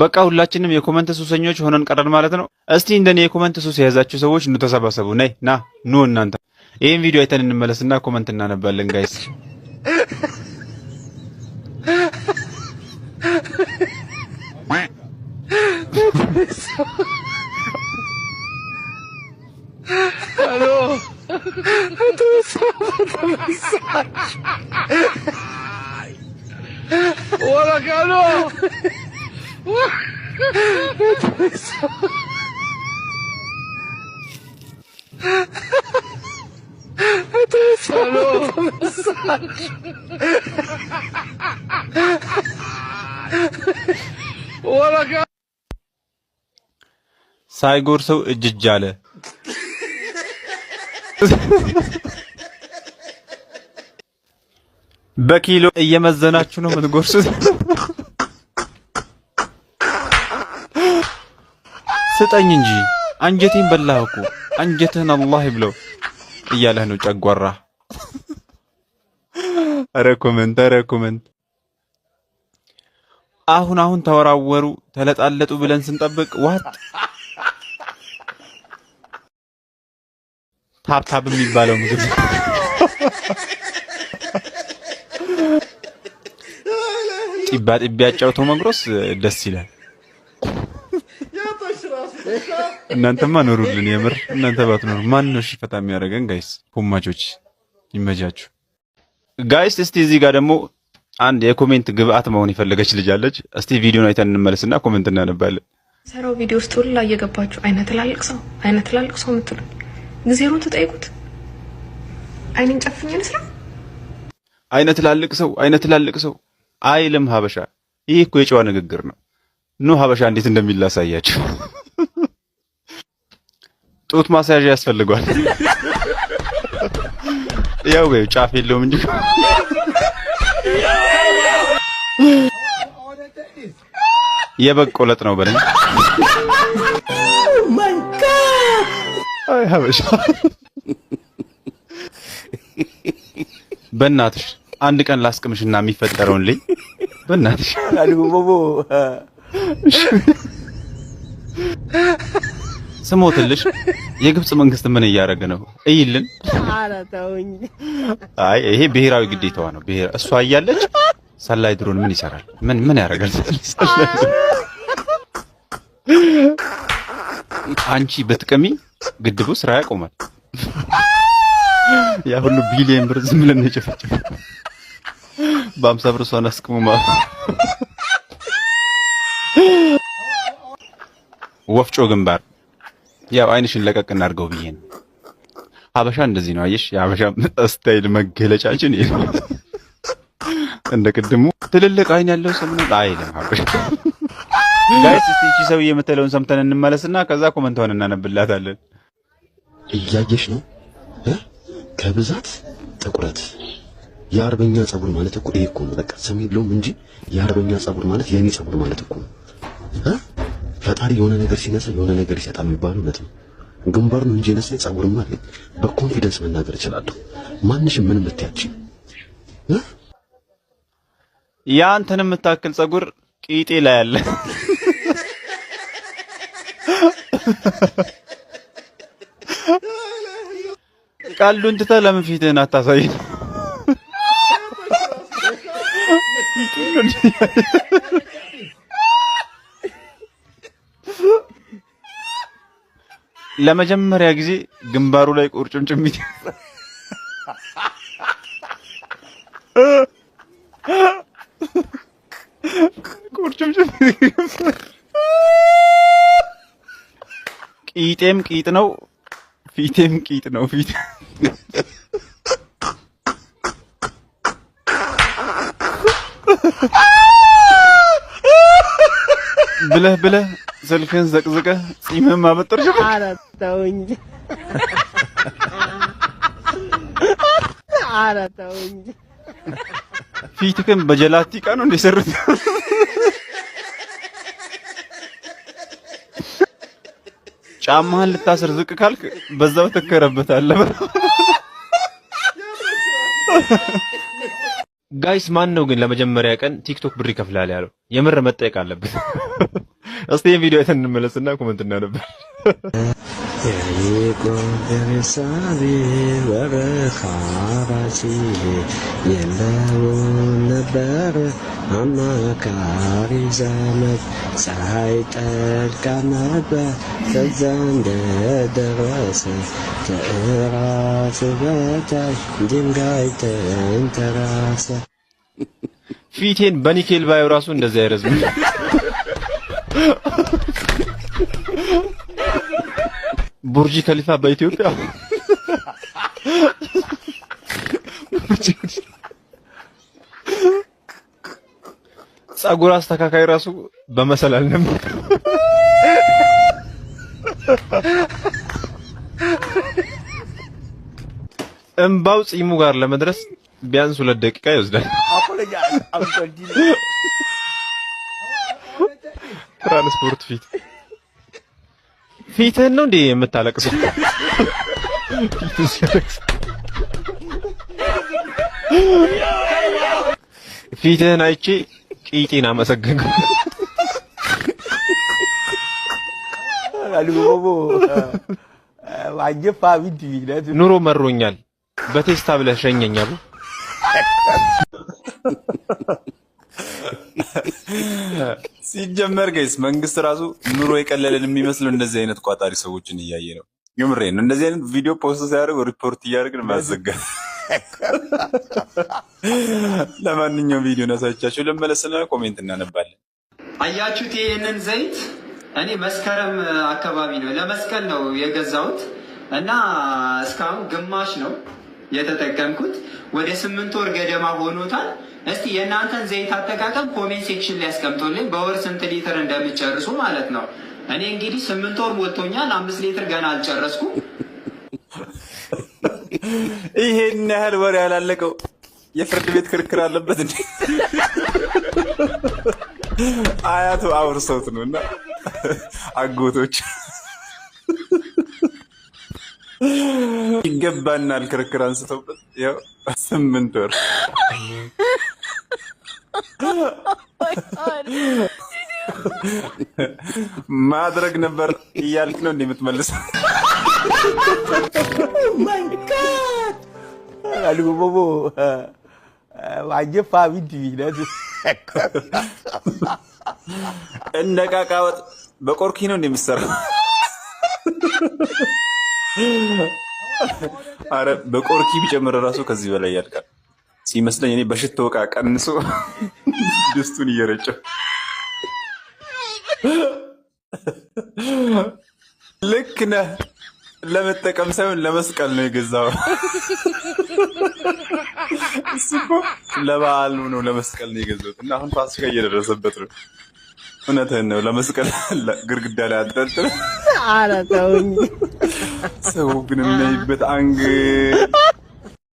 በቃ ሁላችንም የኮመንት ሱሰኞች ሆነን ቀረን ማለት ነው። እስቲ እንደኔ የኮመንት ሱስ የያዛችሁ ሰዎች ኑ ተሰባሰቡ። ነይ ና ኑ እናንተ ይህን ቪዲዮ አይተን እንመለስና ኮመንት እናነባለን ጋይስ። ሳይጎርሰው እጅጅ አለ። በኪሎ እየመዘናችሁ ነው የምትጎርሱት። ስጠኝ እንጂ አንጀቴን በላህ እኮ አንጀትህን አላህ ይብለው እያለህ ነው ጨጓራ። ኧረ ኮመንት፣ ኮመንት። አሁን አሁን ተወራወሩ ተለጣለጡ ብለን ስንጠብቅ ዋጥ ታብታብ የሚባለው ምግብ ጢባ ጢቢ ያጫውተው ደስ ይላል። እናንተማ ኖሩልን። የምር እናንተ ባትኖሩ ማን ነው ሽፈታ የሚያደርገን? ጋይስ ሁማቾች ይመጃችሁ። ጋይስ እስቲ እዚህ ጋር ደግሞ አንድ የኮሜንት ግብአት መሆን የፈለገች ልጅ አለች። እስቲ ቪዲዮን አይተን እንመለስና ኮሜንት እናነባለን። ሰራው ቪዲዮ ውስጥ ላይ እየገባችሁ አይነ ትላልቅ ሰው አይነ ትላልቅ ሰው የምትሉ ጊዜሩን ተጠይቁት። አይኔን ጨፍኝ ንስራ አይነ ትላልቅ ሰው አይነ ትላልቅ ሰው አይልም ሀበሻ። ይህ እኮ የጨዋ ንግግር ነው። ኑ ሀበሻ እንዴት እንደሚላሳያችሁ ጡት ማስያዣ ያስፈልጓል። ያው ወይ ጫፍ የለውም እንጂ የበቆለጥ ነው በለኝ። ማይ ጋድ አይ ሀበሻ በእናትሽ አንድ ቀን ላስቅምሽና የሚፈጠረውን ልኝ በእናትሽ ስሞትልሽ የግብጽ መንግስት ምን እያደረገ ነው? እይልን። ኧረ ተውኝ። አይ ይሄ ብሔራዊ ግዴታዋ ነው። ብሔር እሷ እያለች ሰላይ ድሮን ምን ይሰራል? ምን ምን ያደርጋል? አንቺ ብትቅሚ ግድቡ ስራ ያቆማል። ያ ሁሉ ቢሊየን ብር ዝም ብለን ጨፈጨፈ። በአምሳ ብር እሷን አስቅሙ ማለት ወፍጮ ግንባር ያው አይንሽን ለቀቅ እናድርገው ብዬ ነው። ሀበሻ እንደዚህ ነው አየሽ። የሀበሻ ስታይል መገለጫችን ይ እንደ ቅድሙ ትልልቅ አይን ያለው ሰው ነው አይልም ሀበሻ። ጋይስ እስቲ እቺ የምትለውን ሰምተን እንመለስና ከዛ ኮመንቷን እናነብላታለን። እያየሽ ነው ከብዛት ጥቁረት የአርበኛ ጸጉር ማለት እኮ ይሄ እኮ ነው። በቃ ስም የለውም እንጂ የአርበኛ ጸጉር ማለት የኔ ጸጉር ማለት እኮ ነው። ፈጣሪ የሆነ ነገር ሲነሳ የሆነ ነገር ይሰጣል የሚባለው እውነት ነው። ግንባር ነው እንጂ የነሳኝ ጸጉርም አለ። በኮንፊደንስ መናገር እችላለሁ። ማንሽ ምን ምትያች ያ የምታክል ጸጉር ቂጤ ላይ አለ። ቃሉን ትተህ ለምን ፊትህን አታሳይ? ለመጀመሪያ ጊዜ ግንባሩ ላይ ቁርጭምጭም ቂጤም ቂጥ ነው፣ ፊቴም ቂጥ ነው። ፊት ብለህ ብለህ ስልክህን ዘቅዝቀህ ጺምህን ማበጠር ተው እንጂ ኧረ ተው እንጂ። ፊትክን በጀላቲ ቀኑ እንደሰሩት ጫማህን ልታስር ዝቅ ካልክ በዛው ትከረበታለህ። ጋይስ ማን ነው ግን ለመጀመሪያ ቀን ቲክቶክ ብር ይከፍላል ያለው? የምር መጠየቅ አለበት። እስቲ ቪዲዮ አይተን እንመለስና ኮመንት እናነበር። የጎንደርሳቤ አማካሪ ዘመድ። ፀሐይ ጠልቃ ነበር ከዛ እንደደረሰ ከእራት በታች ድንጋይ ተንተራሰ። ፊቴን በኒኬል ባዩ ራሱ እንደዚያ አይረዝም። ቡርጂ ከሊፋ በኢትዮጵያ ጸጉር አስተካካይ ራሱ በመሰል ነበር። እምባው ጺሙ ጋር ለመድረስ ቢያንስ ሁለት ደቂቃ ይወስዳል። ትራንስፖርት ፊት ፊትህን ነው እንዴ የምታለቅሰው? ፊትህን አይቼ ቂጤን አመሰገንኩ። ኑሮ መሮኛል፣ በቴስታ ብለህ ሸኘኛ ሲጀመር ገይስ መንግስት ራሱ ኑሮ የቀለለን የሚመስሉ እንደዚህ አይነት ቋጣሪ ሰዎችን እያየ ነው። የምሬን ነው። እንደዚህ አይነት ቪዲዮ ፖስት ሲያደርግ ሪፖርት እያደረግን ማዘጋ። ለማንኛውም ቪዲዮ ናሳቻቸው ለመለስና ኮሜንት እናነባለን። አያችሁት? ይህንን ዘይት እኔ መስከረም አካባቢ ነው ለመስቀል ነው የገዛሁት እና እስካሁን ግማሽ ነው የተጠቀምኩት። ወደ ስምንት ወር ገደማ ሆኖታል። እስቲ የእናንተን ዘይት አጠቃቀም ኮሜንት ሴክሽን ላይ ያስቀምጡልኝ፣ በወር ስንት ሊትር እንደምጨርሱ ማለት ነው። እኔ እንግዲህ ስምንት ወር ሞልቶኛል፣ አምስት ሊትር ገና አልጨረስኩ። ይሄን ያህል ወር ያላለቀው የፍርድ ቤት ክርክር አለበት እንዴ? አያቱ አውርሰውት ነው እና አጎቶች ይገባናል ክርክር አንስተውበት ያው ስምንት ወር Oh ማድረግ ነበር እያልክ ነው oh እንደ እንደ ዕቃ ወጥ በቆርኪ ነው እንደሚሰራ አረ በቆርኪ ቢጨምር ራሱ ከዚህ በላይ ያልቃል። ሲመስለኝ እኔ በሽቶ ዕቃ ቀንሶ ድስቱን እየረጨው ልክ ነህ። ለመጠቀም ሳይሆን ለመስቀል ነው የገዛው። እሱ እኮ ለበዓሉ ነው ለመስቀል ነው የገዛሁት እና አሁን ፋሲካ እየደረሰበት ነው። እውነትህን ነው። ለመስቀል ግርግዳ ላይ አጠልጥል። ኧረ ተውኝ። ሰው ግን የሚያይበት አንግ